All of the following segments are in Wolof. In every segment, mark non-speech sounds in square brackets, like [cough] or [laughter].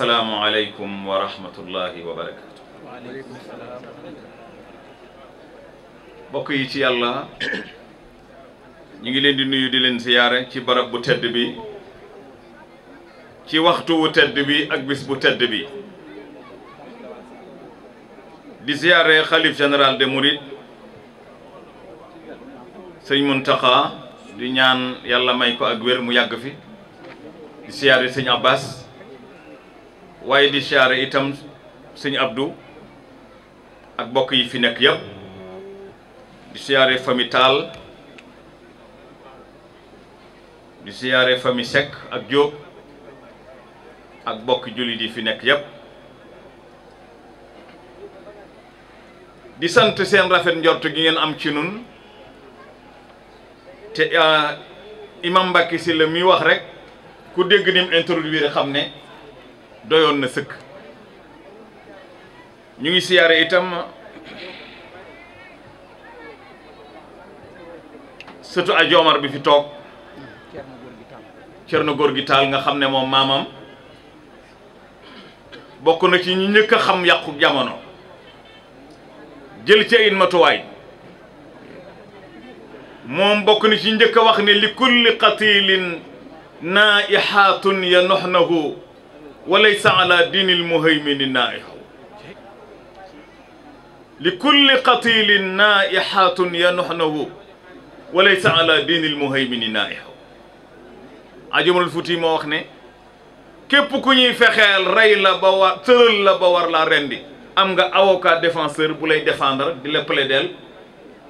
asalaamu aleykum wa rahmatullahi bokk yi ci yàlla ñu ngi leen di nuyu di leen siyaare ci barab bu tedd bi ci waxtu wu tedd bi ak bis bu tedd bi di siyaare xalif général de Mouride sëñ Muntaxa di ñaan yàlla may ko ak wér mu yàgg fi di siyaare sëñ Abbas waaye di siyaare itam sëñ Abdou ak bokk yi fi nekk yëpp di siyaare fami Taal di siyaare fami Seck ak Diop ak bokk julli yi fi nekk yëpp di sant seen rafet njort gi ngeen am ci nun te ah, imam Mbacké Sylla mi wax rek ku dégg ni mu introduire xam ne doyoon na sëkk ñu ngi siyaare itam sëtu a joomar bi fi toog cerno góor gi taal nga xam ne moom maamam bokk na ci ñu njëkk a xam yàqu jamono jël ci ay matuwaay moom bokk na ci njëkk a wax ne li kulli qatilin naihatun ya noxnahu walaysa ala diinil muhaymini naa'ihu li kulli qatilin naa'ihatun yanuhnahu walaysa ala diinil muhaymini naa'ihu ajamal futi moo wax ne képp ku ñuy fexeel rey la ba war tëral ba war laa rendi am nga avocat défenseur bu lay défendre di la plaider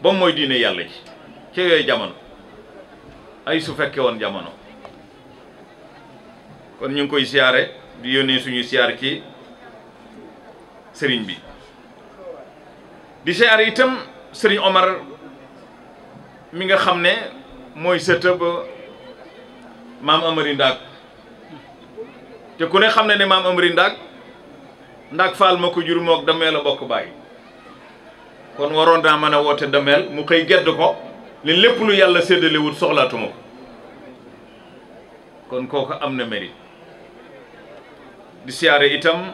ba mooy diine yàlla ji ca yooyu jamono ay su fekke woon jamono kon ñu ngi koy siyaare di yónnee suñu siyaar ci sëriñ bi di siyaar itam sëriñ Omar mi nga xam ne mooy sëtë ba maam Amari Ndaak te ku ne xam ne ne maam Amari Ndaak ndaak faal ma ko jur mook dameel a bokk bàyyi kon waroon daa mën a woote dameel mu koy gedd ko li lépp lu yàlla séddalewut soxlaatuma ko kon kooku am na mérite di siyaare itam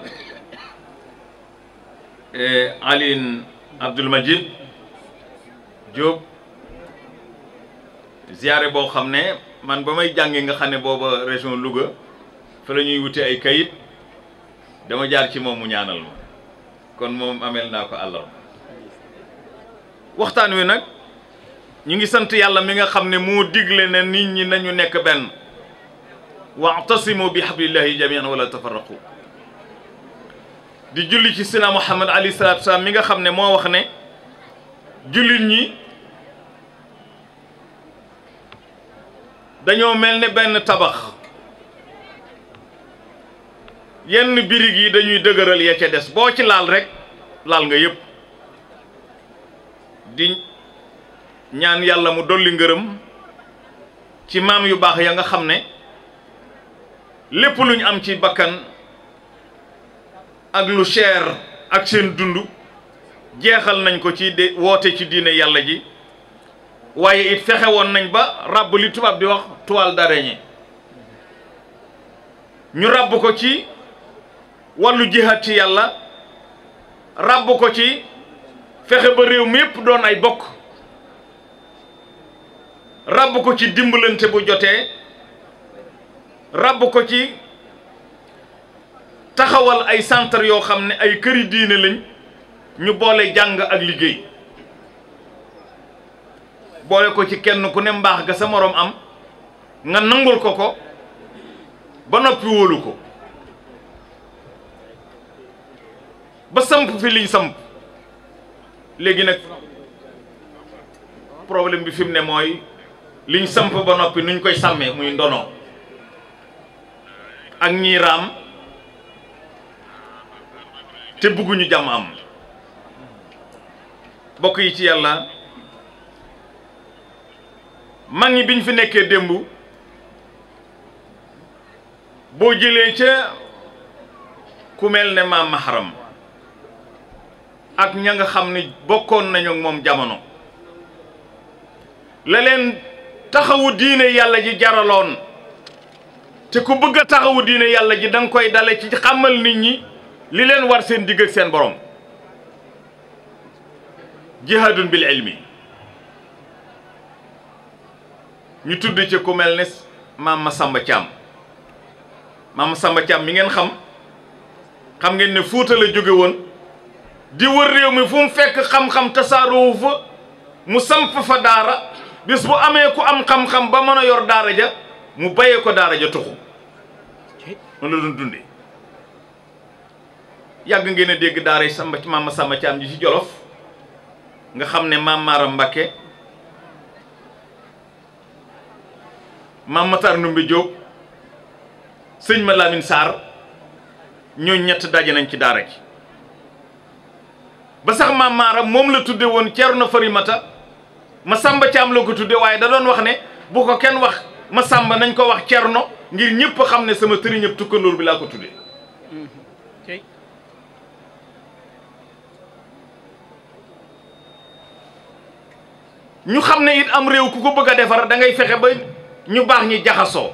e, alin Abdoul Majid Diop siyaare boo xam ne man ba may jàngi nga xam ne booba région Louga fa la ñuy wute ay kayit dama jaar ci moom mu ñaanal ma kon moom ameel naa ko àllarba waxtaan wi nag ñu ngi sant yàlla mi nga xam ne moo digle ne nit ñi nañu nekk benn waatasimu bi hablillahi jamian wala tafarraqu di julli ci sina muhammad alayhi salaatu mi nga xam ne moo wax ne jullit ñi dañoo mel ni benn tabax yenn birig yi dañuy dëgëral ya ca des boo ci laal rekk laal nga yépp di ñaan yàlla mu dolli ngërëm ci maam yu baax ya nga xam ne lépp lu ñu am ci bakkan ak lu cher ak seen dund jeexal nañ ko ci de woote ci diine yàlla ji waaye it fexe woon nañ ba ràbb li tubaab di wax toile d'araignée ñu ràbb ko ci wàllu jihaad ci yàlla ràbb ko ci fexe ba réew mi yépp doon ay bokk ràbb ko ci dimbalante bu jotee rabb ko ci taxawal ay centre yoo xam ne ay këri diine lañ ñu boole jàng ak liggéey boole ko ci kenn ku ne mbaax ga sa moroom am nga nangul ko ko ba noppi wóolu ko ba samp fi liñ samp léegi nag problème bi fi mu ne mooy liñ samp ba noppi nuñ koy sàmmee muy ndono ak ñiy raam te bëgguñu jàmm am bokk yi ci yàlla mag ñi biñ fi nekkee démb boo jëlee ca ku mel ne maam maharam ak ña nga xam ne bokkoon nañu moom jamono la leen taxawu diine yàlla ji jaraloon te ku bëgg a taxawu diine yàlla ji danga koy dale ci xamal nit ñi li leen war seen digg ak seen boroom jihaadun bil ilmi ñu tudd ci ku mel ne maam Masamba Thiam maam Masamba Thiam mi ngeen xam xam ngeen ne Fuuta la jóge woon di wër réew mi fu mu fekk xam-xam tasaaroo fa mu samp fa daara bis bu amee ku am xam-xam ba mën a yor daara ja mu bàyyee ko daara ja tuxu noonu la doon dundee yàgg ngeen a dégg daara yi sàmba ci maam sàmba ci am ji ci jolof nga xam ne maam Maaram Mbàkke maam Matar Ndumbe Jóob sëñ ma Lamin Sarr ñoo ñett daje nañ ci daara ji ba sax maam Maaram moom la tudde woon Ceerno Farimata ma sàmba ci am la ko tudde waaye da doon wax ne bu ko kenn wax ma sàmba nañ ko wax no ngir ñëpp xam ne sama tëriñëb tukkandoor bi laa ko tuddee ñu xam ne it am réew ku ko bëgg a defar dangay fexe ba ñu baax ñi jaxasoo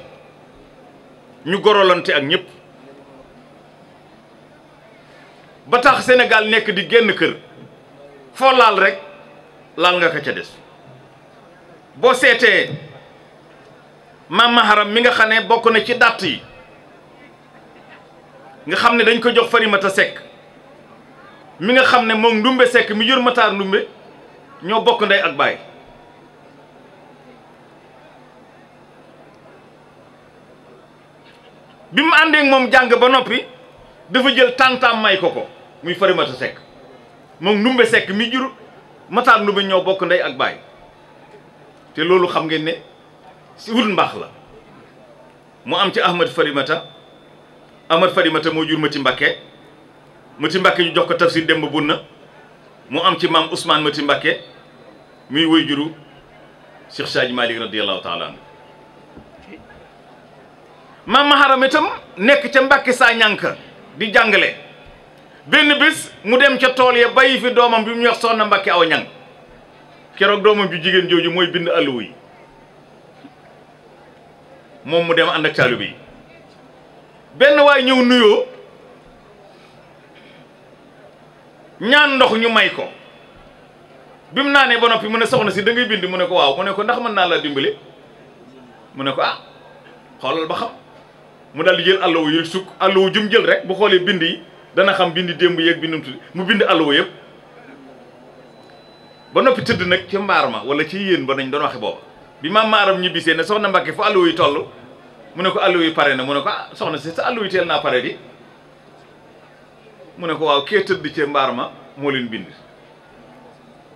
ñu gorolante ak ñépp ba tax Sénégal nekk di génn kër foo laal rek laal nga ko ca des boo seetee maam maharam mi nga xam ne bokk na ci dàtt yi nga xam ne dañ ko jox a sekk mi nga xam ne moom ndumbe sekk mi jur mataar ñoo bokk ndey ak baay bi mu àndeek moom jàng ba noppi dafa jël tàntaam may ko ko muy farimata sekk moom ndumbe sekk mi jur mataar ndumbe ñoo bokk ndey ak baay te loolu xam ngeen ne si wut mbaax la mu am ci Ahmad Farimata Ahmad Farimata moo jur Mati Mbakke Mati Mbakke ñu jox ko démb Demba Bunna mu am ci maam Ousmane Mati Mbakke muy woy juru Cheikh Sadji Malick radiyallahu maam Maharam nekk ca Mbakke saa ñànk di jàngale benn bés mu dem ca tool ya bàyyi fi doomam bi mu wax soxna Mbakke aw ñang keroog doomam ju jigéen jooju mooy bind alluwa yi moom mu dem ànd ak taalibe yi benn waay ñëw nuyoo ñaan ndox ñu may ko bi mu naanee ba noppi mu ne soxna si dangay bind mu ne ko waaw mu ne ko ndax mën naa laa dimbale mu ne ko ah xoolal ba xam mu daal di jël àll wu yëpp sukk jum jël rek bu xoolee bind yi dana xam bind démb yeeg bi tudd mu bind àll wu ba noppi tëdd nag ca mbaar ma wala ci yéen ba nañ doon waxe booba bi maam maaram ñibbisee ne soxna Mbacke fu alluwa yi toll mu ne ko alluwa yi pare na mu ne ko ah soxna si ne ko waaw kee tëdd ca ma moo leen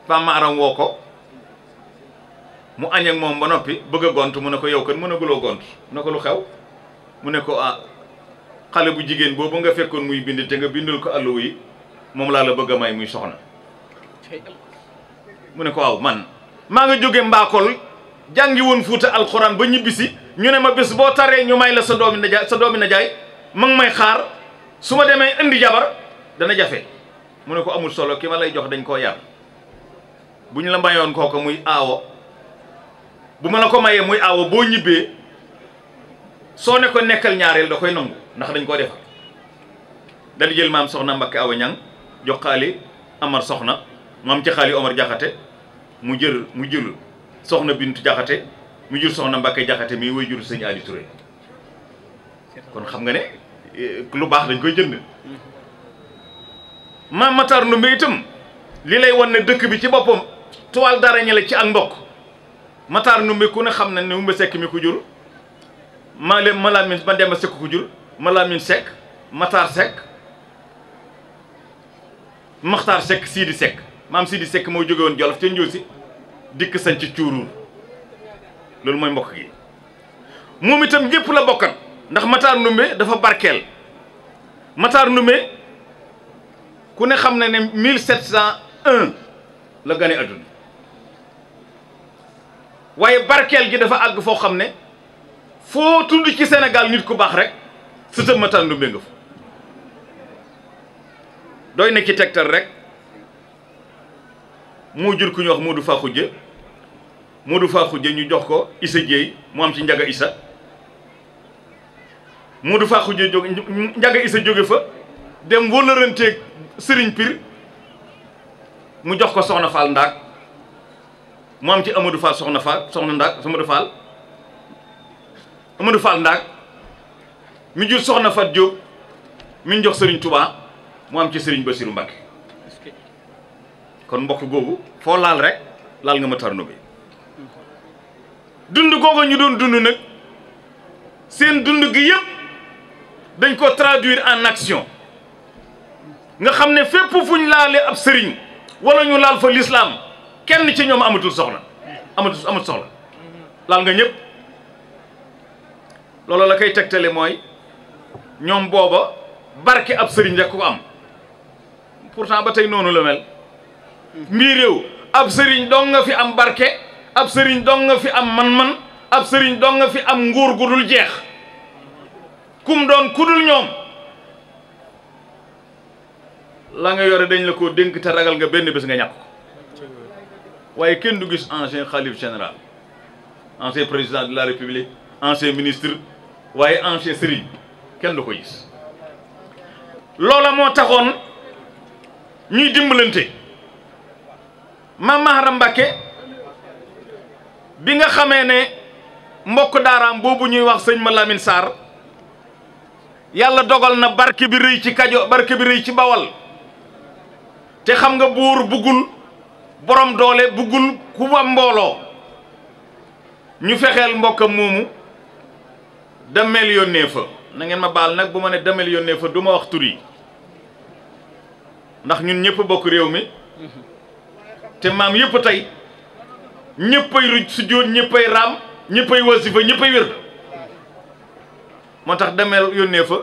ko mu añ ak ba noppi bëgg a mu ne ko yow kat mën a guloo gont xew mu ne ko ah, xale bu jigéen boobu nga fekkoon muy bind te nga ko alluwa yi moom laa la bëgg a muy soxna mu ne ko waaw man maa nga jóge mbaakol jàngi woon fuuta alxuraan ba ñibbisi ñu ne ma bés boo taree ñu may la sa doomi na jaay sa doomi na jaay may xaar su ma demee indi jabar dana jafe mu ne ko amul solo ki ma lay jox dañ koo yar bu ñu la mayoon kooku muy aawo bu ma la ko mayee muy aawo boo ñibbee soo ne ko nekkal ñaareel da koy nangu ndax dañ koo defar dal jël maam soxna Mbakke Awa Ñang jox xaali Amar soxna maam ci xaali Jaxate mu jël mu jël soxna Bintu Jaxate mu jur soxna Mbacke Jaxate mi way jur sëñ Ali Touré kon xam nga ne eh, lu baax dañ koy jënd maam Matar Ndumbe itam li lay won ne dëkk bi ci boppam toile d'araignée la ci ak mbokk Matar Ndumbe ku ne xam na ne Ndumbe Sekk mi ku jur maa leen Malamine ma Demba Sekk ku jur Malamine Sekk Matar Sekk Maxtaar Sekk Sidi Sekk maam di Sekk moo jóge woon Jolof ca Ndioosi dikk sañ ci cuuruur loolu mooy mbokk gi moom itam ñëpp la bokkan ndax Matar Ndumbe dafa barkeel Matar Ndumbe ku ne xam na ne 1701 la gane adduna waaye barkeel gi dafa àgg foo xam ne foo tund ci senegal nit ku baax rek sëtam Matar Ndumbe nga fa doy na ci tegtal rek moo jur ku ñu wax Modou Fakhou Dieng Modou Fakhou Dieng ñu jox ko Issa Dieye mu am ci Njaga Issa Modou Fakhou Dieng jóg Njaga Issa jóge fa dem wóllëranteeg Serigne Pir mu jox ko Soxna Fall Ndaak mu am ci Amadou Fall Soxna Fall Soxna Ndaak Amadou Fall Amadou Fall Ndaak mi jur Soxna Fat Diop mi jox sëriñ Touba mu am ci Serigne Bassirou Mbacké kon mbokk googu foo laal rek laal nga ma tarno bi dund googu ñu doon dundu nag seen dund gi yëpp dañ ko traduire en action nga xam ne fépp fu ñu laalee ab sëriñ wala ñu laal fa lislaam kenn ci ñoom amatul soxla amatul amut soxla laal nga ñëpp loolu la koy tegtale mooy ñoom booba barke ab sëriñ rek ko am pourtant ba tey noonu la mel mbii réew ab sëriñ dong nga fi am barke ab sëriñ don nga fi am man-man ab sëriñ dong nga fi am nguur gu dul jeex kum doon kudul ñoom la nga yore dañ la ko dénk te ragal nga benn bés nga ñàkk ko waaye kenn du gis ancien xalif général ancien président de la république ancien ministre waaye ancien sëriñ kenn du ko gis loola moo taxoon ñuy dimbalante Maam Maharam Mbàkke bi nga xamee ne mbokk daaraam boobu ñuy wax sëñ ma Lamine Sarr yàlla dogal na barke bi rëy ci kajo barke bi rëy ci bawal te xam nga buur buggul borom doole buggul ku am mbooloo ñu fexeel mbokkam moomu dameel yónnee fa na ma baal nag bu ma ne dameel yónnee fa du ma wax turi ndax ñun ñëpp bokk réew mi mm-hmm. te maam yépp tey ñëppay ruj sujjóot ñëppay raam ñëppay wasifa ñëppay wér moo tax demeel yónnee fa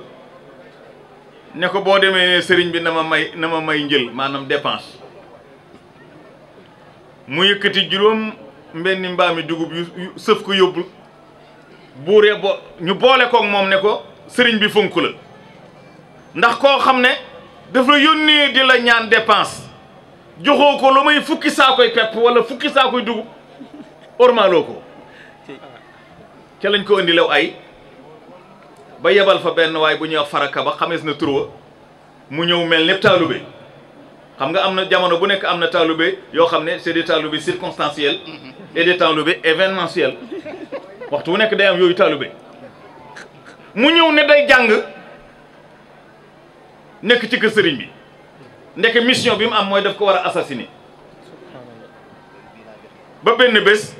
ne ko boo demee ne sëriñ bi na ma may na may njël maanaam dépense mu yëkkati juróom mbenn mbaami dugub yu sëf ko yóbbu buuree bo ñu boole koog moom ne ko sëriñ bi funk la ndax koo xam ne dafa la yónnee di la ñaan dépense joxoo ko lu may fukki saa koy pepp wala fukki saa koy dugub ormaaloo ko ca lañ ko indi ay ba yebal fa benn waay bu ñëw wax faraka ba xamees na turwa mu ñëw mel népp taalube xam nga am na jamono bu nekk am na taalube yoo xam ne c'est des taalube circonstanciels mm-hmm. et des taalube événementiels waxtu wu nekk day am yooyu taalube mu ñëw ne day jàng nekk ci kësëriñ bi ndeke mission bi mu am mooy def ko war a assassiner ba benn bés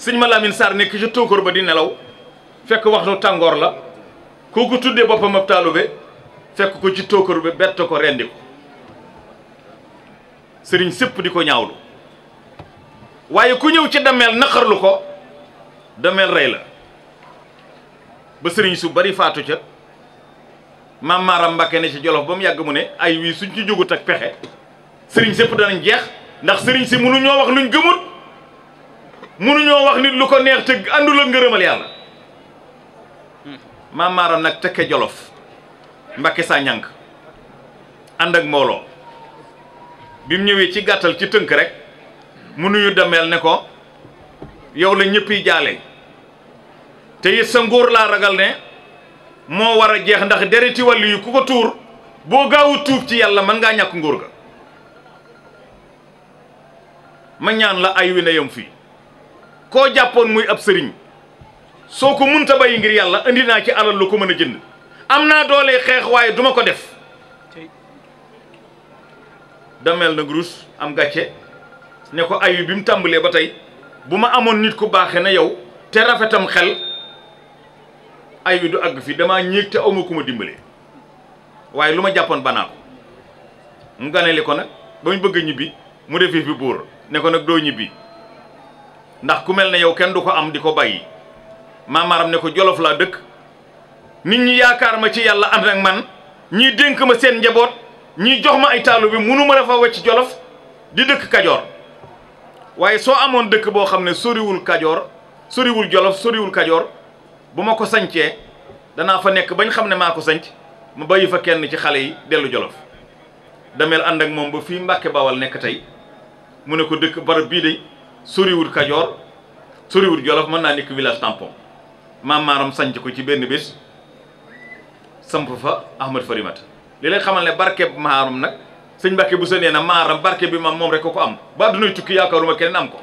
sëñ ma Lamine Sarr nekk ci tóokóor ba di nelaw fekk waxtu tàngoor la kooku tuddee boppam ab taalube fekk ko ci tóokóor ba bett ko rendi ko sëriñ sëpp di ko ñaawlu waaye ku ñëw ci dameel naqarlu ko dameel rey la ba sëriñ su bari faatu ca maam Maaram Mbàkke ne ci Jolof ba mu yàgg mu ne ay wii suñ ci jógut ak pexe sëriñ sëpp danañ jeex ndax sëriñ si mënu ñoo wax luñ gëmut mënuñoo wax nit lu ko neex tëgg àndul ak ngërëmal yàlla hmm. maam nag tekke jolof mbakke saa ñànk ànd ak mbooloo bi mu ñëwee ci gàttal ci tënk rek mënuñu demeel ne ko yow la ñëpp yi jaale te it sa nguur laa ragal ne moo war a jeex ndax dereti wàllu yi ku ko tuur boo gaawu tuub ci yàlla mën ngaa ñàkk nguur ga ma ñaan la ay wi na yam fii koo jàppoon muy ab sëriñ soo ko munta bàyyi ngir yàlla indi naa ci alal lu ko mën a jënd am naa doole xeex waaye duma ko def damel na gurus am gàcce ne ko ayu bi mu tàmbalee ba tey bu ma amoon nit ku baaxe na yow te rafetam xel ayu du àgg fi damaa ñéeg te awma ku ma dimbalee waaye lu ma jàppoon banaa mu ganale ko nag ba mu bëgg ñibbi mu defee fi buur ne ko nag doo ñibbi ndax ku mel ne yow kenn du ko am di ko bàyyi maamaaram ne ko jolof laa dëkk nit ñi yaakaar ma ci yàlla ànd ak man ñii dénk ma seen njaboot ñii jox ma ay taalu bi munu ma dafa wecc jolof di dëkk kajoor waaye soo amoon dëkk boo xam ne soriwul kajoor soriwul jolof soriwul kajoor bu ma ko sañcee danaa fa nekk bañ xam ne maa ko sañc ma bàyyi fa kenn ci xale yi dellu jolof da mel ak moom ba fii Mbàkke Bawal nekk tey mu ne ko dëkk barab bii de soriwul Kajoor soriwul Jolof mën naa nekk village tampon maam maaram sanc ko ci benn bés samp fa Ahmad Farimata li lay xamal ne barkeb maaram nag sëñ Mbàkke bu sa nee na maaram barke bi ma moom rek ko ko am ba addunay tukki yaakaaruma keneen am ko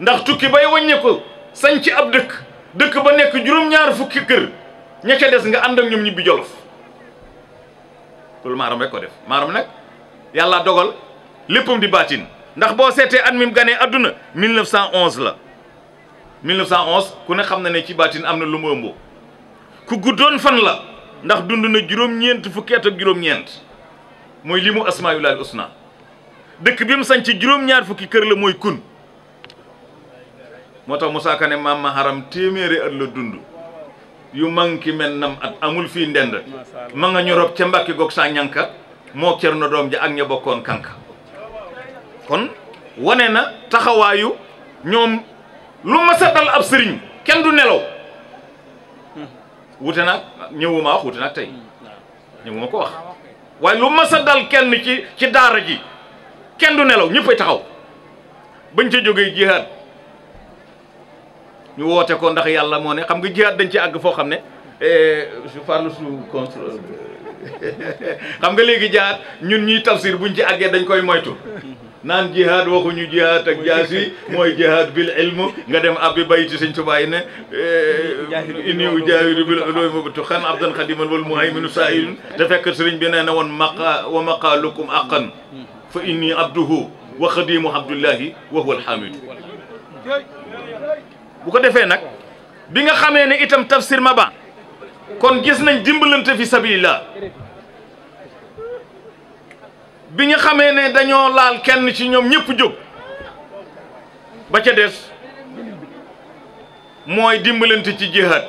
ndax tukki bay wàññeeku sanc ab dëkk dëkk ba nekk juróom-ñaar fukki kër ña des nga ànd ak ñoom ñibbi Jolof loolu maaram rek ko def maaram nag yàlla dogal léppam di baatin ndax boo seetee at mi mu ganee adduna 1911 la 1911 ku ne xam na ne ci baatin am na lu mu ëmboo ku guddoon fan la ndax dund na juróom-ñeent fukki at juróom-ñeent mooy li mu asmaayulaal usna dëkk bi mu sañ ci juróom-ñaar fukki kër la mooy kun moo tax Moussa Kane maam ma haram téeméeri at la dund yu manki men nam at amul fii ndend ma nga ñu rob ca mbàkki goog moo cer na doom ja ak ña bokkoon kanka kon wane na taxawaayu ñoom lu ma sa dal ab sëriñ kenn du nelaw wute naag ñëwuma wax wute naag tey ñëwuma ko wax waaye lu ma sa dal kenn ci ci daara ji kenn du nelaw ñëppay taxaw bañ ca jógee jihaad ñu woote ko ndax yàlla moo ne xam nga jihaad dañ ci àgg foo xam ne eh, je parle sous contrôle [laughs] xam nga léegi jihaad ñun ñuy tafsir buñ ci àggee dañ koy moytu naan jihaad waxuñu jihaad ak jaasi mooy jihaad bil ilm nga dem abbi bayti sëñ Tuubaa ne eh, inni ujaahidu bil ulumi mubtuxan abdan xadiman wal muhayminu saa'ilun te fekk sëriñ bi nee na woon maqa wa maqaalukum aqan fa inni abduhu wa xadimu abdullahi wa huwa alxamidu bu ko defee nag bi nga xamee ne itam tafsir ma ba kon gis nañ dimbalante fi sabilillah bi nga xamee ne dañoo laal kenn ci ñoom ñëpp jóg ba ca des mooy dimbalante ci jihad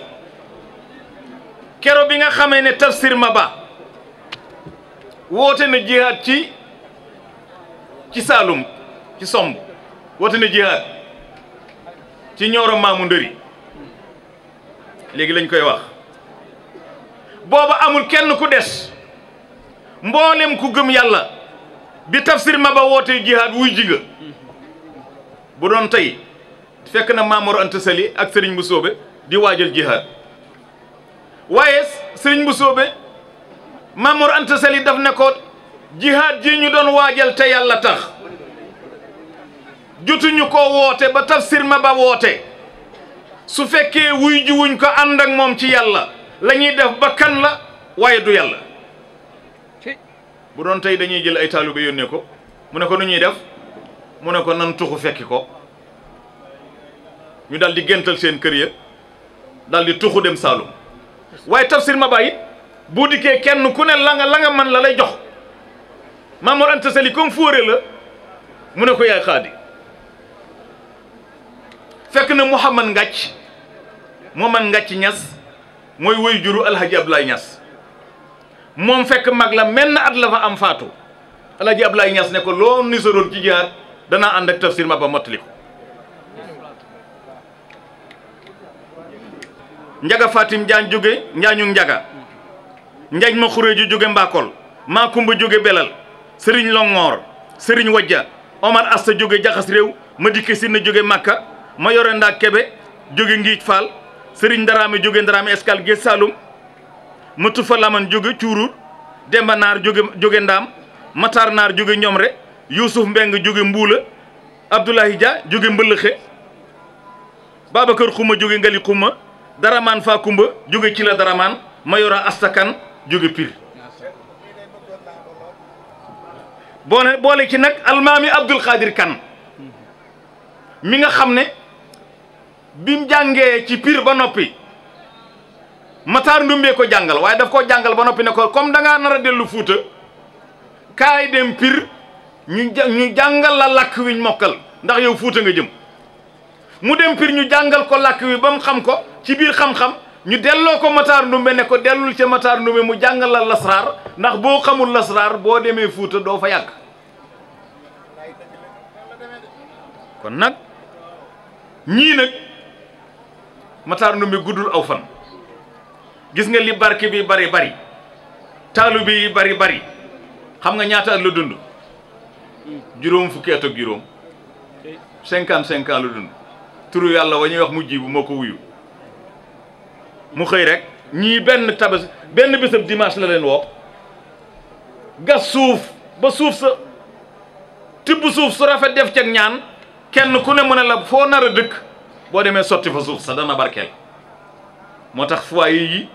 kero bi nga xamee ne Tafsir Maba woote na jihad ci ci Saalum ci Somb woote na jihad ci Ñooro Maamu Ndëri léegi lañ koy wax booba amul kenn ku des mboolem ku gëm yàlla bi tafsir ma ba wootee jihaad wuy ji bu doon tey fekk na Maamoor Anta ak Serigne bu soobe di waajal jihaad waaye Serigne bu soobee Maamoor Anta Sali daf ne ko jihaad ji ñu doon waajal te yàlla tax jotuñu ko woote ba tafsir ma ba woote su fekkee wuy jiwuñ wuñ ko ànd ak moom ci yàlla la ñuy def ba kan la waaye du yàlla bu doon tey dañuy jël ay taalibe yónnee ko mu ne ko nu ñuy def mu ne ko nan tuxu fekki ko ñu daldi di géntal seen kër ya daldi di tuxu dem Saalum waaye tafsir ma bàyyi bu dikkee kenn ku ne langa nga la nga man la lay jox Mamoor Anta Sali comme fóore la mu ne ko yaay xaadi fekk na Mouhamad Ngàcc Mouhamad Ngàcc Ñas mooy woy juru Alhaji lay Ñas moom fekk mag la menn at la fa am faatu Alaaji Ablaay Ñas ne ko loo nisaroon ci jihaad danaa ànd ak tafsir ma ba mottali njaga fatim jaan jóge njaañu njaga njañ ma xuree ju jóge mbakol maa kumba jóge belal sëriñ longoor sëriñ wajja omar asta jóge jaxas réew ma dikke sinna jóge màkka ma yore ndaa kebe jóge ngiij faal sëriñ ndaraame jóge ndaraame escale ge saalum matu fa laman jóge cuuruur demba naar jóge jóge ndaam matar naar jóge ñomre yuusuf mbeng jóge mbuula abdoulahi dia jóge mbëlëxe babacar xuma jóge ngali xuma daramaan fa kumba jóge ci la daramaan mayora astakan jóge pir boo ne boole ci nag almaami abdul xaadir kan mi nga xam ne bi jàngee ci piir ba noppi Matar Ndumbee ko jàngal waaye daf ko jàngal ba noppi ne ko comme da ngaa a dellu Fuuta kaay dem piir ñu ñu jàngal la làkk wiñ mokkal ndax yow Fuuta nga jëm mu dem piir ñu jàngal ko làkk wi ba xam ko ci biir xam-xam ñu delloo ko Matar Ndumbee ne ko dellul ca Matar Ndumbee mu jàngal la lasraar ndax boo xamul lasraar boo demee Fuuta doo fa yàgg kon nag ñii nag Matar guddul aw fan gis nga li barke bi bari bari taalu bi bari bari xam nga ñaata at la dund juróom fukki at ak juróom cinquante cinq ans la dund turu yàlla wa ñuy wax mu bu moo ko wuyu mu xëy rek ñii benn tabas benn bésab dimanche la leen woo gas suuf ba suuf sa tibb suuf su rafet def cag ñaan kenn ku ne mën a la foo nar a dëkk boo demee sotti fa suuf sa dana barkeel moo tax foyer yi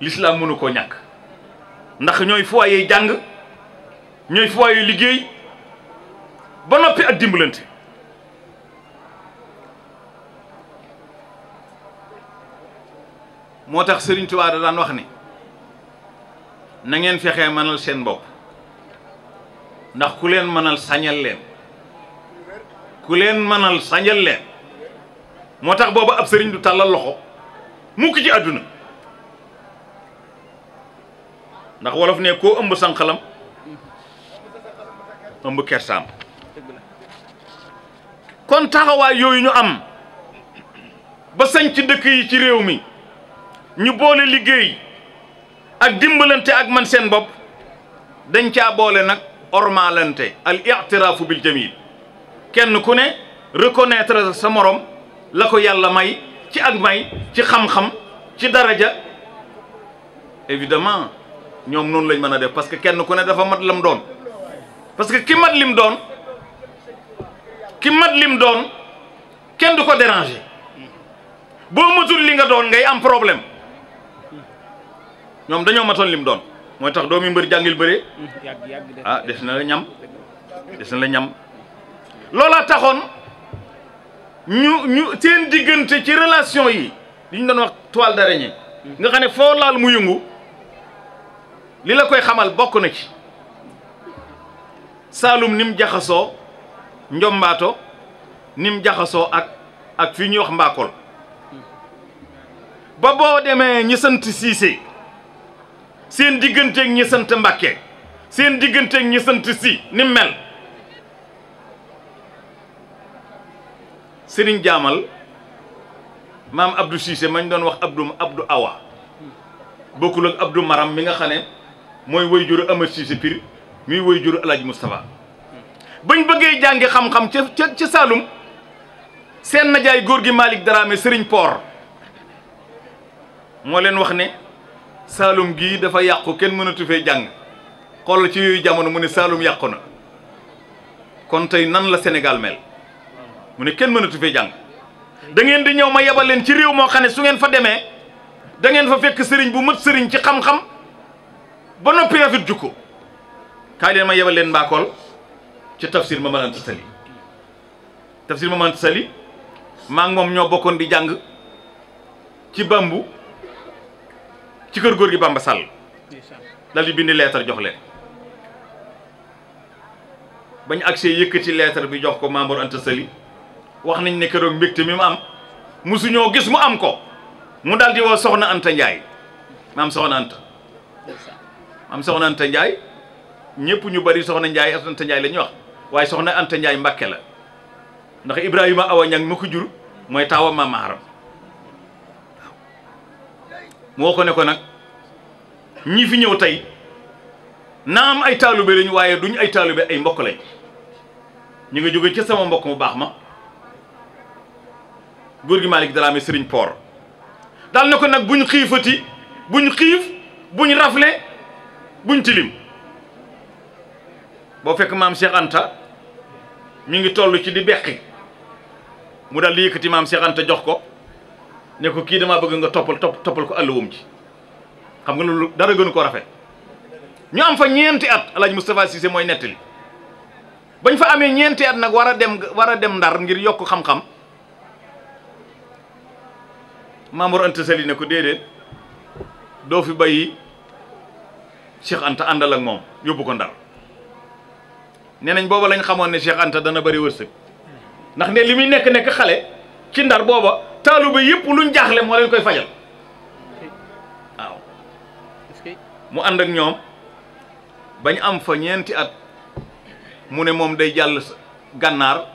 l'islam mënu koo ñàkk ndax ñooy foyer jàng ñooy foyer liggéey ba noppi ak dimbalante moo tax Serigne Touba daan wax ni na ngeen fexee mënal seen bopp ndax ku leen mënal sañal leen ku leen mënal sañal leen moo tax booba ab sëriñ du tàllal loxo mukk ci àdduna ndax wolof ne koo ëmb sànqalam ëmb kersaam kon taxawaay yooyu ñu am ba sañ dëkk yi ci réew mi ñu boole liggéey ak dimbalante ak man seen bopp dañ caa boole nag ormalante al i'tiraafu bil jamil kenn ku ne reconnaître sa morom la ko yàlla may ci ak may ci xam-xam ci daraja évidemment ñoom noonu lañ mën a def parce que kenn ku ne dafa mat lam doon parce que ki mat lim doon ki mat lim doon kenn du ko dérangé boo matul li nga doon ngay am problème ñoom dañoo matoon lim doon mooy tax doomi mbër jàngil bëre ah des na la ñam des na la ñam loola taxoon ñu ñu seen diggante ci relation yi li ñu doon wax toile d'araignée nga xam ne foo laal mu yëngu li la koy xamal bokk na ci saalum nim jaxasoo njombaato nim jaxasoo ak ak fii ñuy wax mbaakol ba boo demee ñi sant siise seen digganteeg ñi sant seen digganteeg ñi sant si nim mel sëriñ jaamal maam abdou siise mañ doon wax abdou abdou awa bokkul ak abdou maram mi nga xam mooy way juru Amar Cissé Pire muy way jur El Hadj Moustapha bañ bëggee jàngi xam-xam ca ca Saalum seen najaay góor gi Malick Dramé Serigne Por moo leen wax ne Saalum gii dafa yàqu kenn mënatu fee jàng xool ci yooyu jamono mu ne Saalum yàqu na kon tey nan la senegal mel mu ne kenn mënatu fee jàng da ngeen di ñëw ma yebal leen ci réew moo xam ne su ngeen fa demee da ngeen fa fekk sëriñ bu mët sëriñ ci xam-xam. ba noppi rafet jukko kaay ma yebal leen mbaakool ci tafsir ma mënant sali tafsir ma mënant sali maa moom ñoo bokkoon di jàng ci bambu ci kër góor gi Bamba Sall dal di bind leetar jox leen bañ agsee yëkkati leetar bi jox ko Mamour Anta Sali wax nañ ne keroog mbégte mi mu am musuñoo gis mu am ko mu daal di woo soxna Anta Ndiaye maam soxna Anta am soxna Anta Ndiaye ñëpp ñu bari soxna Ndiaye Anta Ndiaye wax waaye soxna Anta Ndiaye Mbàkke la ndax Ibrahima Awa Ñang ma ko jur mooy taawam maam Maharam moo ko ne ko nag ñi fi ñëw tey naam ay taalube lañu waaye duñ ay taalube ay mbokk lañ ñu nga jóge ci sama mbokk mu baax ma góor gi Malick Dramé Serigne Por daal ne ko nag buñ xiifati buñ xiif buñ rafle buñ ci lim boo fekk maam Cheikh Anta mi ngi toll ci di beqi mu daal di ti maam Cheikh Anta jox ko ne ko kii dama bëgg nga toppal topp toppal ko àlluwam ji xam nga loolu dara gënu ko rafet ñu am fa ñeenti at El Hadj Moustapha mooy nettali bañ fa amee ñeenti at nag war a dem war a dem ndar ngir yokk xam-xam Mamour Anta Sali ne ko déedéet doo fi bàyyi Cheikh Anta àndal ak moom yóbbu ko ndar nee nañ booba lañ xamoon ne Cheikh Anta dana bëri wërsëg ndax ne li muy nekk nekk xale ci ndar booba taaluba yëpp luñ jaaxle moo leen koy fajal waaw mu ànd ak ñoom bañ am fa ñeenti at mu ne moom day jàll gànnaar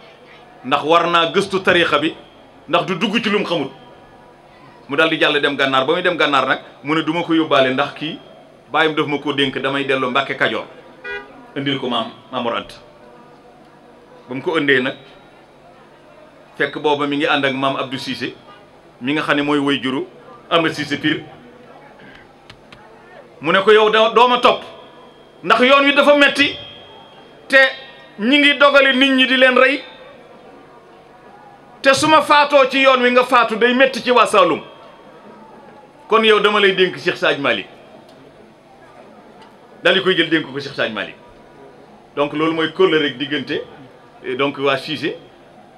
ndax war naa gëstu tariixa bi ndax du dugg ci lu mu xamul mu daal di jàll dem gànnaar ba muy dem gànnaar nag mu ne duma ko yóbbaale ndax kii bàyyam daf ma koo dénk damay dellu Mbàkke Kajoor indil ko maam Maamor Anta ba mu ko indee nag fekk booba mi ngi ànd ak maam Abdou Cissé mi nga xam ne mooy woy juru ama Cissé Pire mu ne ko yow doo ma topp ndax yoon wi dafa metti te ñi ngi dogale nit ñi di leen rey te su ma faatoo ci yoon wi nga faatu day metti ci waa Saloum kon yow dama lay dénk Cheikh Sadji Malick daal koy jël dénk ko Cheikh Sadio Malick donc loolu mooy kóllëre rek diggante donc waa Cissé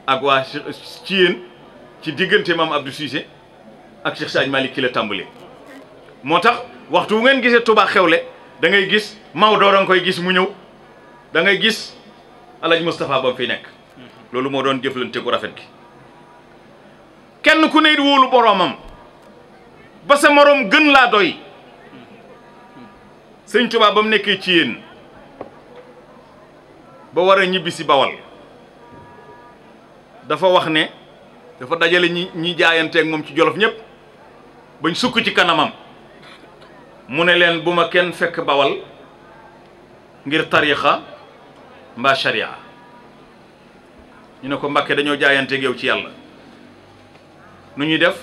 ak waa ci ci diggante maam Abdou Cissé ak Cheikh Sadio Malick ki la moo tax waxtu wu ngeen gisee Touba xewle da ngay gis Maodo da nga koy gis mu ñëw da ngay gis El Hadj Moustapha fi nekk loolu moo doon jëflante gu rafet gi kenn ku ne it wóolu boromam ba sa morom gën laa doy. sëñ Tuubaa ba mu nekkee ci yéen ba war a ñibbi bawal dafa wax ne dafa dajale ñi ñi jaayanteek moom ci jolof ñëpp bañ sukk ci kanamam mu ne leen bu ma kenn fekk bawal ngir tariixa mbaa sharia ñu ne ko Mbàkke dañoo jaayanteeg yow ci yàlla nu ñuy def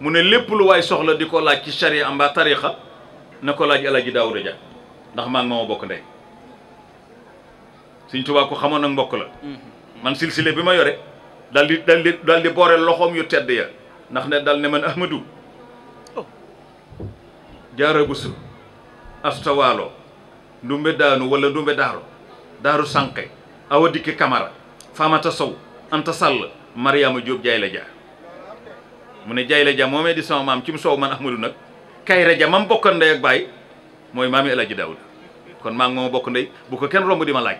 mu ne lépp lu waay soxla di ko laaj ci sharia mbaa tariixa na ko laaj Alaaji Daawuda Ja ndax maa ngi ma bokk ndey Sëñ Tuubaa ko xamoon nag mbokk la mhm. man silsile bi ma yore dal di dal di boore loxoom yu tedd ya ndax ne dal ne man Ahmadu oh. jaara busu astawaalo ndumbe daanu wala ndumbe daaro daaru sànqe awa dikki kamara faamata sow anta sàll mariama jóob jaay la ja mu ne jaay la ja moomee di sama maam ci mu sow man Ahmadu nag kayra ja mam bokkoon ndey ak baay mooy maami El Hadji Daouda kon maa ngi mooma bokk ndey bu kenn romb di ma laaj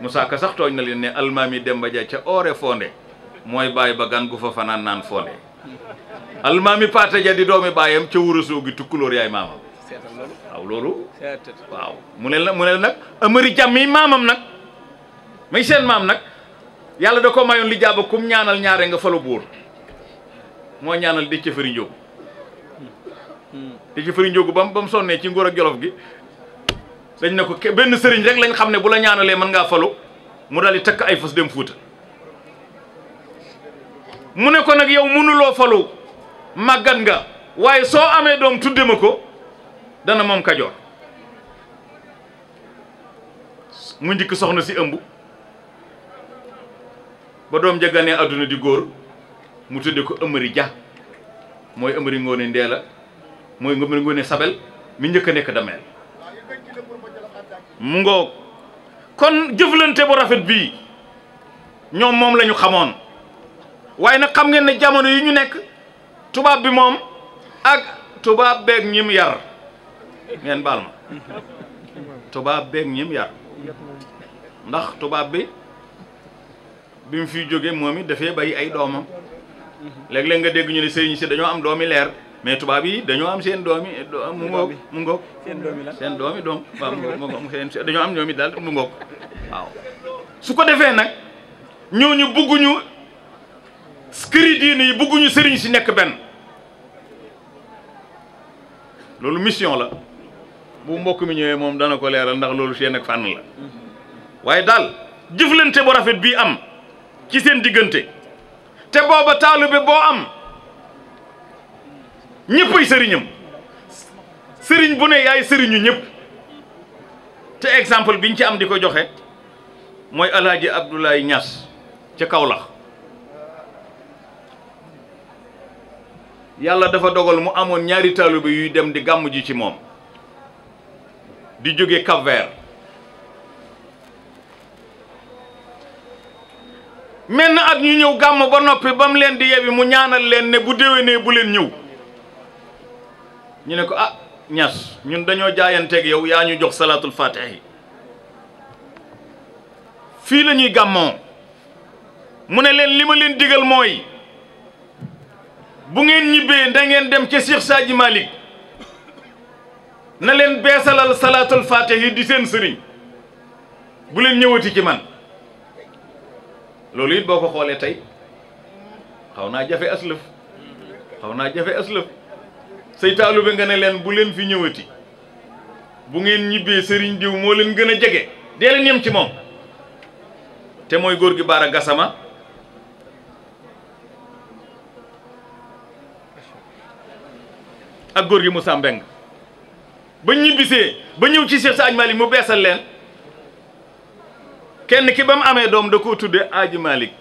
Moussa sax tooñ na leen ne almaami Demba Dia ca oore fonde mooy baay ba gan gu fa fanaan naan fonde almaami Paate Ja di doomi baayam ca wurasoo i tukkulóor yaay maamam waaw loolu waaw mu ne mu nag amari jàmm yi maamam nag may seen maam nag yàlla da ko mayoon li jaaba kum ñaanal ñaare nga falu buur moo ñaanal dëcc fëri njóob te ci fëri njógu bam ba mu sonnee ci nguur ak jolof gi dañ ne ko benn sëriñ rek lañ xam ne bu la ñaanalee mën ngaa falu mu daal di takk ay fas dem fuuta mu ne ko nag yow mënuloo falu màggat nga waaye soo amee doom tudde ma ko dana moom kajoor mu njëkk soxna si ëmb ba doom ja ganee àdduna di góor mu tudde ko ëmëri ja mooy ëmëri ngoone ndee la mooy Ngombeen Ngoné Sabel mi njëkk a nekk dameel mu kon jëflante bu rafet bii ñoom moom lañu xamoon waaye nag xam ngeen ne jamono yi ñu nekk tubaab bi moom ak tubaab beeg ñim yar ngeen baal ma tubaab beeg ñim yar ndax tubaab bi bi mu fiy jógee moom it dafee bay ay doomam léeg-léeg nga dégg ñu ne sëriñ si dañoo am doomi leer mais tubaab yi dañoo am seen doomi mu ngoog mu ngoog seen doomi la seen doomi doom waaw mu ngoog seen dañoo am ñoom it daal mu ngoog waaw ko defee nag ñooñu bugguñu këri yi bugguñu sëriñ si nekk benn loolu mission la bu mbokk mi ñëwee moom dana ko leeral ndax loolu seen ak fànn la mhm. waaye daal jëflante bu rafet bii am ci seen diggante te booba taalibe boo am ñëppay sëriñam sëriñ bu ne yaay sëriñu ñëpp te exemple biñ ci am di ko joxe mooy alaaji Abdoulaye Niass ca Kaolack yàlla dafa dogal mu amoon ñaari taalibe yuy dem di gàmm ji ci moom di jóge Cap-Vert menn at ñu ñëw gàmm ba noppi ba mu leen di yebi mu ñaanal leen ne bu déwénee bu leen ñëw ñu ne ko ah ñas ñun dañoo jaayanteeg yow yaa ñu jox salaatul fatiha yi fii la ñuy gàmmoo mu ne leen li ma leen digal mooy bu ngeen ñibbee da ngeen dem ca Cheikh Sadji Malick na leen beesalal salaatal fatiha yi di seen sëriñ bu leen ñëwati ci man loolu it boo ko xoolee tey xaw naa jafe aslëf xaw naa jafe aslëf say bi nga ne leen bu leen fi ñëwati bu ngeen ñibbee sëriñ diw moo leen gën a jege dee leen yem ci moom te mooy góor gi Baara Gassama ak góor gi Moussa Mbeng ba ñibbisee ba ñëw ci Cheikh Sadji Malick mu beesal leen kenn ki ba mu amee doom da koo tuddee Aji Malick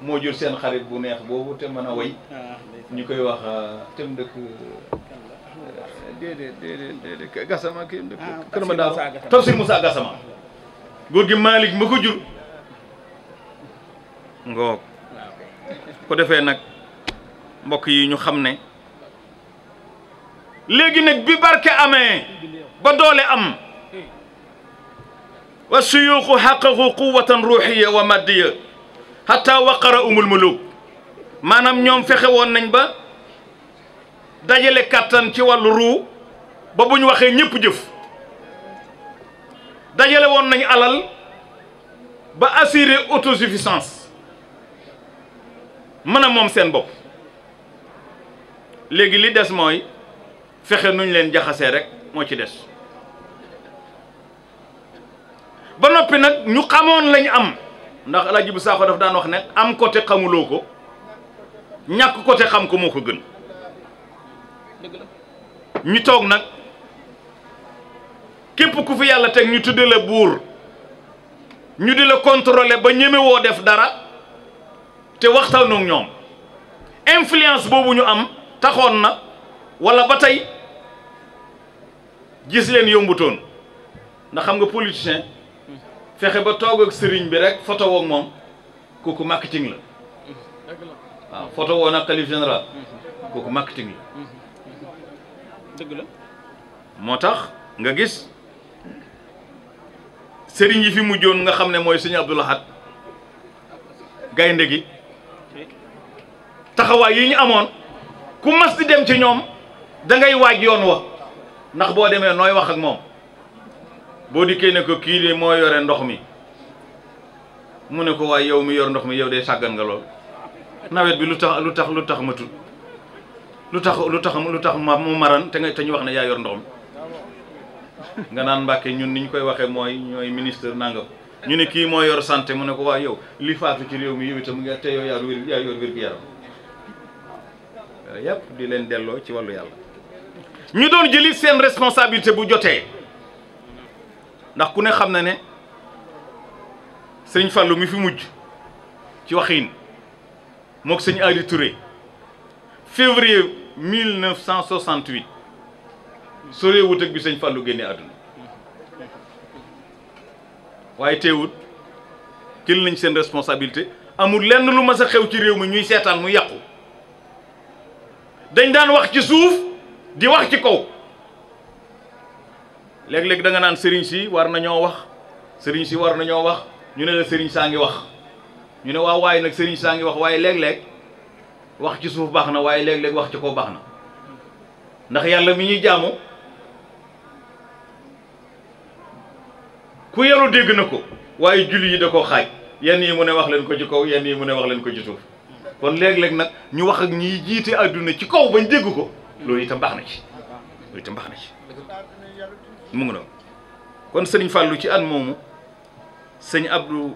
moo jur seen xarit bu neex boobu te mën a way ah. ñu koy wax tam euh, dëkk euh, déedéet déedéet déedéet dëkk ah, kër ma daal Tafsir Moussa Gassama góor gi Malick ma ko jur ngoog ah, ko defee nag mbokk yi ñu xam ne léegi nag bi barke amee ba doole am wa suyuuxu xaqahu quwatan ruuxiya wa maddiya xata waqara umul muluk maanaam ñoom fexe woon nañ ba dajale kàttan ci wàllu ruu ba bu ñu waxee ñépp jëf dajale woon nañ alal ba assurer autosuffisance mën a moom seen bopp léegi li des mooy fexe nuñ leen jaxasee rek moo ci des ba noppi nag ñu xamoon lañu am ndax El Hadj Ibou Sakho daf daan wax ne am ko te xamuloo ko ñàkk ko te xam ko moo ko gën ñu toog nag képp ku fi yàlla teg ñu tudde la buur ñu di la contrôler ba ñemewoo def dara te waxtaan ak ñoom influence boobu ñu am taxoon na walla ba tey gis leen yombutoon ndax xam nga politicien fexe ba toog ak sëriñ bi rek photo ak moom kooku marketing la waaw photo woon ak xalif général kooku marketing la moo tax nga gis sëriñ yi fi mujjoon nga xam ne mooy sëñ Abdou Lahad gaynde gi taxawaay yi ñu amoon ku mas di dem ci ñoom dangay ngay waaj yoon wa ndax boo demee nooy wax ak moom boo dikkee ne ko kii de moo yore ndox mi mu ne ko waaye yow mi yore ndox mi yow de sàggan nga lool nawet bi lu tax lu tax lu tax matul lu tax lu tax lu tax ma mu maran te nga te ñu wax ne yaa yor ndox mi nga naan Mbàkke ñun ni ñu koy waxee mooy ñooy ministre nangam ñu ne kii moo yor santé mu ne ko waa yow li faatu ci réew mi yow itam nga te yow yaa yor wér gu yaram yëpp di leen delloo ci wàllu yàlla. ñu doon jëli seen responsabilité bu jotee ndax ku ne xam na ne sëñ Fallou mi fi mujj ci waxiin mook sëñ Ali Touré février 1968 soree wut ak bi sëñ Fallou génne àdduna waaye teewut jël nañ seen responsabilité amul lenn lu mas a xew ci réew mi ñuy seetaan mu yàqu dañ daan wax ci suuf di wax ci kaw léeg-léeg da nga naan sëriñ si war nañoo wax sëriñ si war nañoo wax ñu ne la sëriñ saa ngi wax ñu ne waaw waaye nag sëriñ saa ngi wax waaye léeg-léeg wax ci suuf baax na waaye léeg-léeg wax ci koo baax na ndax yàlla mi ñuy jaamu ku yaru dégg na ko waaye julli yi da koo xaaj yenn yi mu ne wax leen ko ci kaw yenn yi mu ne wax leen ko ci suuf kon léeg-léeg nag ñu wax ak ñiy jiite àdduna ci kaw bañ dégg ko loolu itam baax na ci loolu itam baax na ci mu ngi noonu kon sëriñ Fallou ci at moomu sëñ Abdou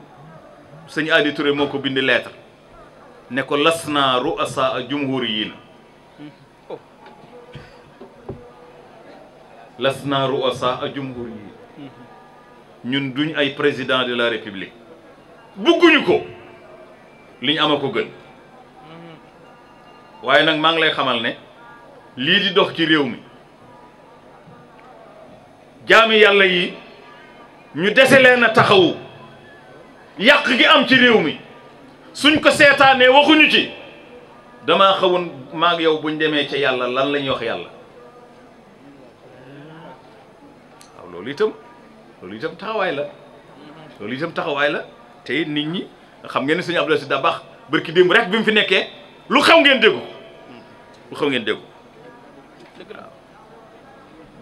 sëñ Adi moo ko bindi lettre ne ko las naa ruasa jumhuriyin las naa ruasa jumhuriyin ñun duñ ay président de la république bugguñu ko liñ ama ko gën waaye nag maa ngi lay xamal ne lii di dox ci réew mi jaami yàlla yi ñu dese leen a taxawu yàq gi am ci réew mi suñ ko seetaanee waxuñu ci damaa xawoon maa ngi yow buñ demee ca yàlla lan la ñuy wax yàlla waaw loolu itam loolu itam taxawaay la loolu itam taxawaay la te nit ñi xam ngeen ne suñu Abdoulaye Sy baax bërki démb rek bi mu fi nekkee lu xaw ngeen déggu lu xew ngeen déggu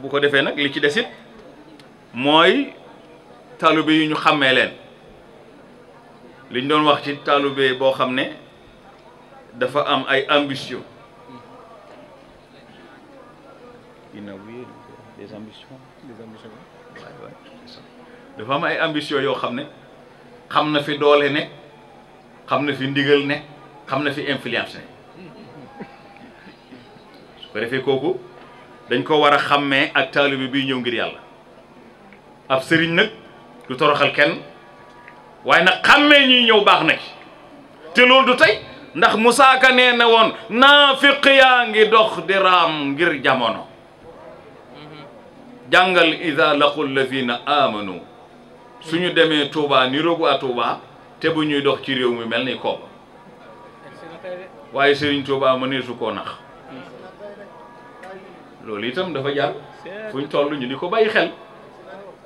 bu ko defee nag li ci desit mooy taalibe yu ñu xàmmee leen liñ doon wax ci be boo xam ne dafa am ay ambition des ambitions dafa am ay ambition yoo xam ne xam na fi doole ne xam na fi ndigal ne xam na fi influence ne su ko kooku dañ ko war a xàmmee ak taalibe bi bi ñëw ngir yàlla ab sëriñ nag du toroxal kenn waaye nag xàmmee ñuy ñëw baax na ci te loolu du tey ndax Moussa Ka nee na woon naafiq yaa ngi dox di raam ngir jamono jàngal ida laqul lazina amanu suñu demee Touba ni rogu a Touba te bu ñuy dox ci réew mi mel ni kooba waaye Serigne Touba mënee su koo nax loolu itam dafa jàll fuñ toll ñu di ko bàyyi xel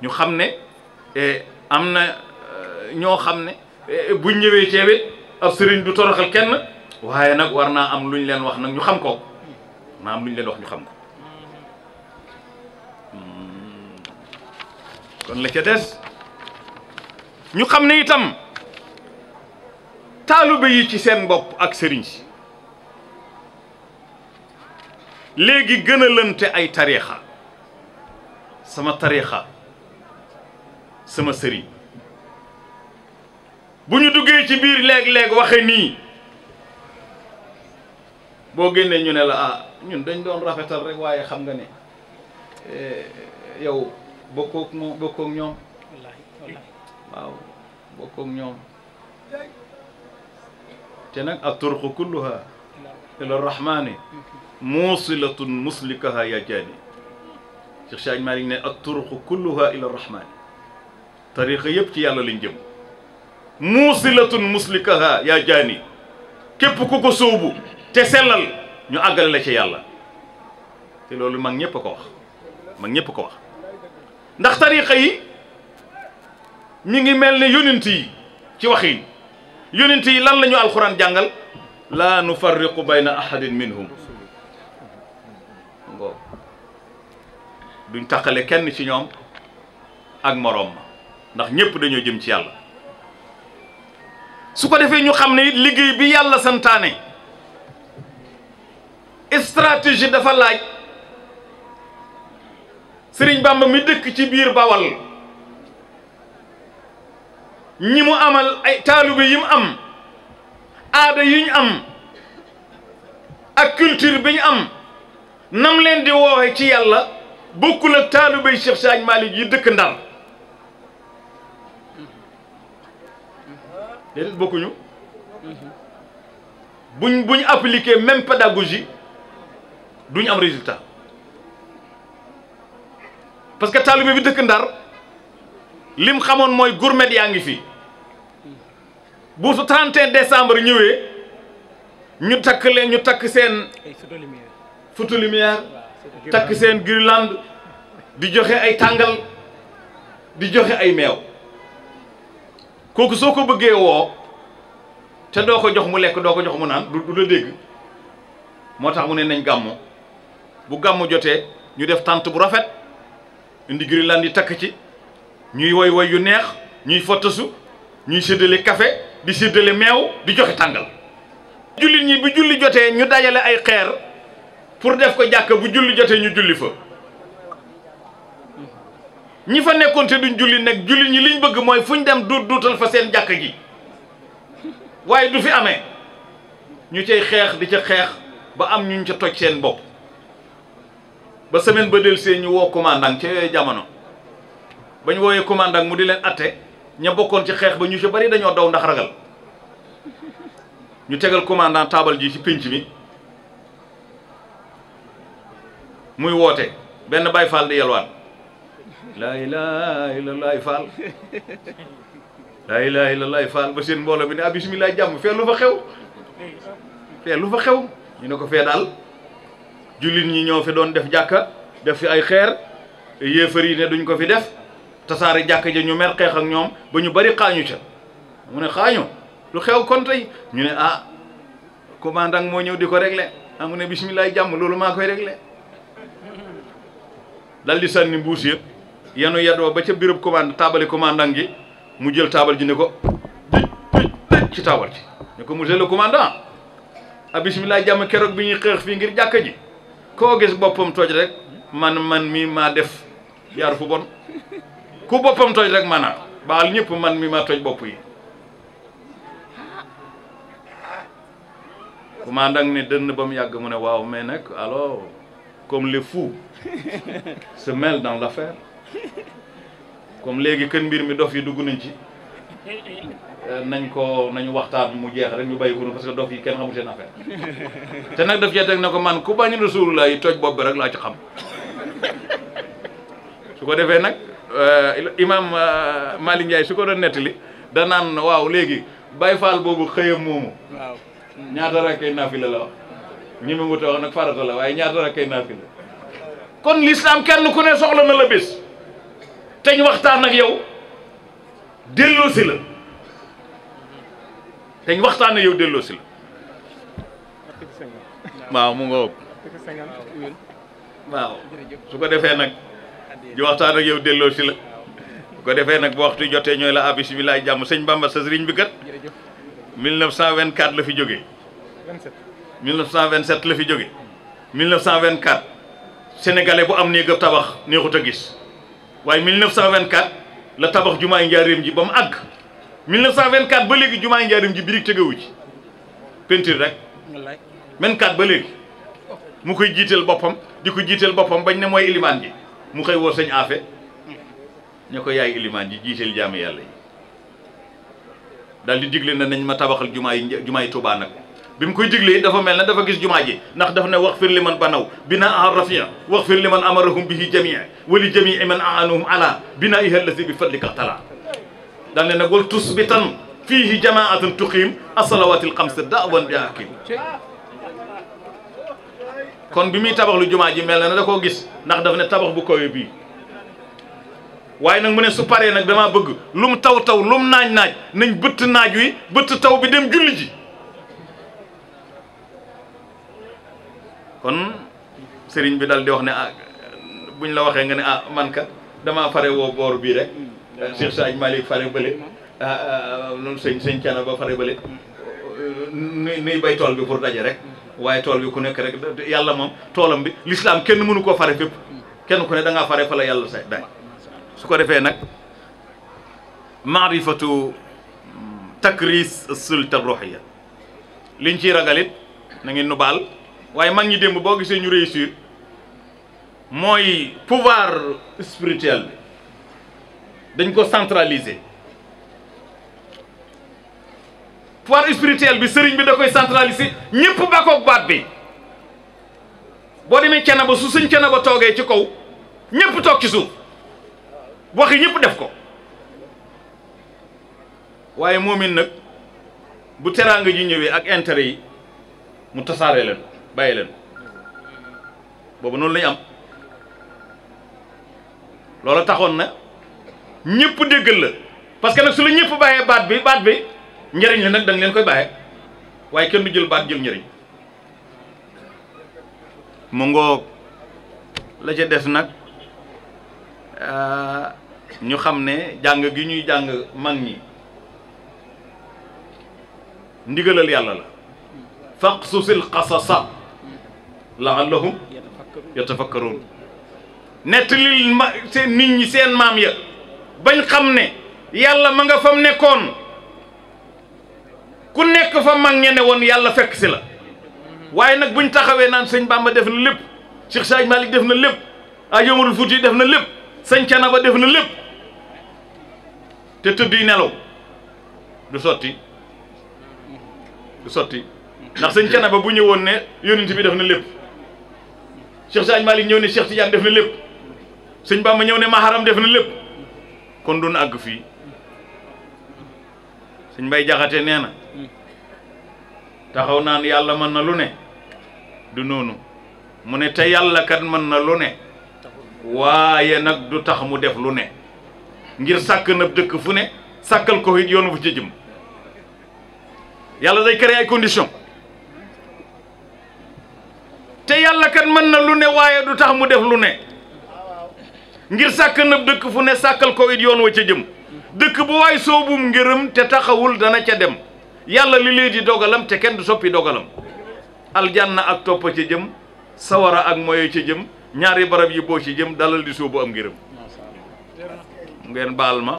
ñu xam ne eh, am na ñoo xam ne eh, bu ñëwee ceebit ab sëriñ du toroxal kenn waaye nag war naa am luñ leen wax nag ñu xam ko naa am luñ leen wax ñu xam ko hmm. kon la ca des ñu xam ne itam taalibe yi ci seen bopp ak sëriñ si léegi gën a lënte ay tariixa sama tariixa sama sëriñ bu ñu duggee ci biir léeg-léeg waxe nii boo génnee ñu ne la ah ñun dañ doon rafetal rek waaye xam nga ne eh, yow bokkook moom bokkook ñoom waaw ñoom te nag a turqu kulluha ila rahmani muusilatun muslikaha ya jaani Cheikh Saaj Malik ne a turqu kulluha ila rahmani tariqa yëpp ci yàlla lañ jëm muusilatun muslikaha yaa jaani képp ku ko sóobu te sellal ñu àggale la ci yàlla te loolu mag ñépp a ko wax mag ñépp ko wax ndax tariqa yi mi ngi mel ni yonent yi ci wax yi yi lan lañu ñu alxuraan jàngal laa nufarriqu bayna ahadin minhum ngoo duñ taqale kenn ci ñoom ak moroom ma ndax ñépp dañoo jëm ci yàlla su ko defee ñu xam ne it liggéey bi yàlla santaane stratégie dafa laaj Sëriñ Bàmba mi dëkk ci biir Bawal ñi mu amal ay taalibe yi mu am aada yu am ak culture bi am nam leen di wooxe ci yàlla bokkul ak taalibe Cheikh Saaj Malik yi dëkk Ndar déedéet bokkuñu buñ buñ appliquer même pédagogie duñ am résultat parce que taalibe bi dëkk Ndar lim xamoon mooy gourmet yaa ngi fi bu su 31 décembre ñëwee ñu takk leen ñu takk seen photo lumière takk seen guirlande di joxe ay tàngal di joxe ay meew kooku soo ko bëggee woo te doo ko jox mu lekk doo ko jox mu naan du du dégg moo tax mu ne nañ gàmmu bu gàmmu jotee ñu def tànt bu rafet indi girilaan yi takk ci ñuy woy woy yu neex ñuy fottasu ñuy séddale café di séddale meew di joxe tàngal jullit ñi bu julli jotee ñu dajale ay xeer pour def ko jàkk bu julli jotee ñu julli fa ñi fa nekkoon te duñ julli nag julli ñi liñ bëgg mooy fuñ dem duut duutal fa seen jàkk gi waaye du fi amee ñu cay xeex di ca xeex ba am ñuñ ca toj seen bopp ba semaine ba delsee ñu woo commandant ca yooyu jamono ba ñu woowee commandant mu di leen atte ña bokkoon ci xeex ba ñu ci bari dañoo daw ndax ragal ñu tegal commandant taabal ji ci pénc mi muy woote benn Baay Faal di yelwaan laa ilaaha illallaah faal laa ilaaha illallaah faal ba seen mbooloo bi ne ah bisimilah jàmm fee lu fa xew fee lu fa xew ñu ne ko fee daal jullit ñi ñoo fi doon def jàkka def fi ay xeer yéefar yi ne duñ ko fi def tasaare jàkka ja ñu mer xeex ak ñoom ba ñu bari xaañu ca mu ne xaañu lu xew kon tey ñu ne ah commandant moo ñëw di ko régler ah mu ne bisimilah jàmm loolu maa koy régler dal di sànni mbuus yëpp yanu yadoo ba ca birub commande taabali commandant gi mu jël taabal ji ne ko tëj tëj ci taabal ji ne ko monsieur le commandant a ah, bisimilah jàmm keroog bi ñuy xeex fii ngir jàkka ji koo gis boppam toj rek man man mi maa def yaaru fu bon ku boppam toj rek maanaam baal ñëpp man mi maa toj bopp yi commandant ne dënn ba mu yàgg mu ne waaw mais nag alors comme les fous [laughs] se mêlent dans l'affaire comme léegi kën mbir mi dof yi dugg nañ ci nañ ko nañu waxtaan mu jeex rek ñu bàyyi ko noonu parce que dof yi kenn xamu seen affaire te nag daf cee teg ne ko man ku bañ rasulullah yi toj bopp bi rek laa ci xam su ko defee nag euh, imaam euh, Malick Ndiaye su ko doon nettali da naan waaw léegi Baye Fall boobu xëyam moomu. waaw ñaata rakkay naafila la wax ñi mu wax nag farata waaye ñaata rakkay naafila kon l'islam kenn ku ne soxla na la bés. teñ waxtaan ak yow delloo si la teñ waxtaan ak yow delloo si la waaw mu nga waaw su ko defee nag di waxtaan ak yow delloo si la ko defee nag bu waxtu jotee ñooy la ah bisimilah jàmm sëñ Bamba sa sëriñ bi kat 1924 la fi jógee 1927 la fi jógee 1924 sénégalais bu am néegam tabax neexut a gis waaye 1924 la tabax jumaay njaareem ji ba mu àgg 1924 ba léegi jumaay njaareem ji bi birig tegewu ci peinture rek 24 ba léegi mu koy jiiteel boppam di ko jiiteel boppam bañ ne mooy ilimaan ji mu xëy wor sëñ aafe ñoo ko yaay ilimaan ji jiiteel jaamu yàlla yi daal di digle na nañ ma tabaxal jumaay jumaay Tuubaa nag bi mu ko digle dafa mel ne dafa gis jumaa ji ndax daf na wax fir li man banaw bina aha rafia wax fir li man amarahum bihi jamia wali jamii man aanuhum ala bina iha allasi bi fadlika tala daan ne nag wal tusbitan fiihi jamaatan tuqiim asalawaati alxamsa daawan bi akim kon bi muy tabax lu jumaa ji mel na ne da koo gis ndax daf ne tabax bu kawe bii waaye nag mu ne su paree nag damaa bëgg lum taw taw lum naaj naaj nañ bët naaj wi bëtt taw bi dem julli ji kon sëriñ bi dal di wax ne ah buñ la waxee nga ne ah man kat damaa fare woo boor bii rek mm. Cheikh Saaj Malick fare bële noonu mm. ah, ah, sëñ sëñ cana ba fare bële nuy bay tool bi pour daje rek mm. waaye tool bi ku nekk rek yàlla moom toolam bi l'islam kenn mënu koo fare fépp kenn ku ne da ngaa fare fa la yàlla say day su ko defee nag maarifatu takris sulta ruhiya liñ ciy ragalit na nu baal waaye mag ñi démb boo gisee ñu réussir mooy pouvoir spirituel bi dañ ko centraliser pouvoir spirituel bi sëriñ bi da koy centraliser ñëpp bakoog baat bi boo demee cana ba su suñ cana ba toogee ci kaw ñëpp toog ci suuf waxi ñëpp def ko waaye moomin nag bu teraanga ji ñëwee ak intérêt yi mu tasaare leen bàyyi leen boobu noonu la ñu am loola taxoon na ñëpp déggal la parce que nag su la ñëpp bàyyee baat bi baat bi njëriñ la nag da leen koy bàyyee waaye kenn du jël baat jël njëriñ mu ngoog la ca des nag euh, ñu xam ne jàng gi ñuy jàng mag ñi ndigalal yàlla la faqsusil qasasa laallahum yatafakkaroon nettalil ma seen nit ñi seen maam ya bañ xam ne yàlla ma nga fam nekkoon ku nekk fa mag ñene woon yàlla fekk si la waaye nag buñ taxawee naan sëñ Bamba def na lépp Cheikh Saaj Malick def na lépp Aji Omarul Fuuti def na lépp sëñ Canaba def na lépp te tëdd yi nelaw du sotti du sotti ndax sëñ Canaba bu ñëwoon ne yonent bi def na lépp Cheikh maa Malick ñëw ne Cheikh Tidiane def na lépp sëñ Bamba ñëw ne Maharam def na lépp kon doon àgg fii sëñ Mbay Jaxate nee na taxaw naan yàlla mën na lu ne du noonu mu ne te yàlla kat mën na lu ne waaye nag du tax mu def lu ne ngir sàkk na dëkk fu ne sàkkal ko it yoonu fu ci jëm yàlla day créer ay conditions. te yàlla kat mën na lu ne waaye du tax mu def lu ne ngir sàkk na dëkk fu ne sàkkal ko it yoon wa ca jëm dëkk bu waaye soobum ngërëm te taxawul dana ca dem yàlla li léegi di dogalam te kenn du soppi dogalam aljanna ak topp ca jëm sawara ak moyo ca jëm ñaari barab yi boo ci jëm dalal di soobu am ngërëm ngeen baal ma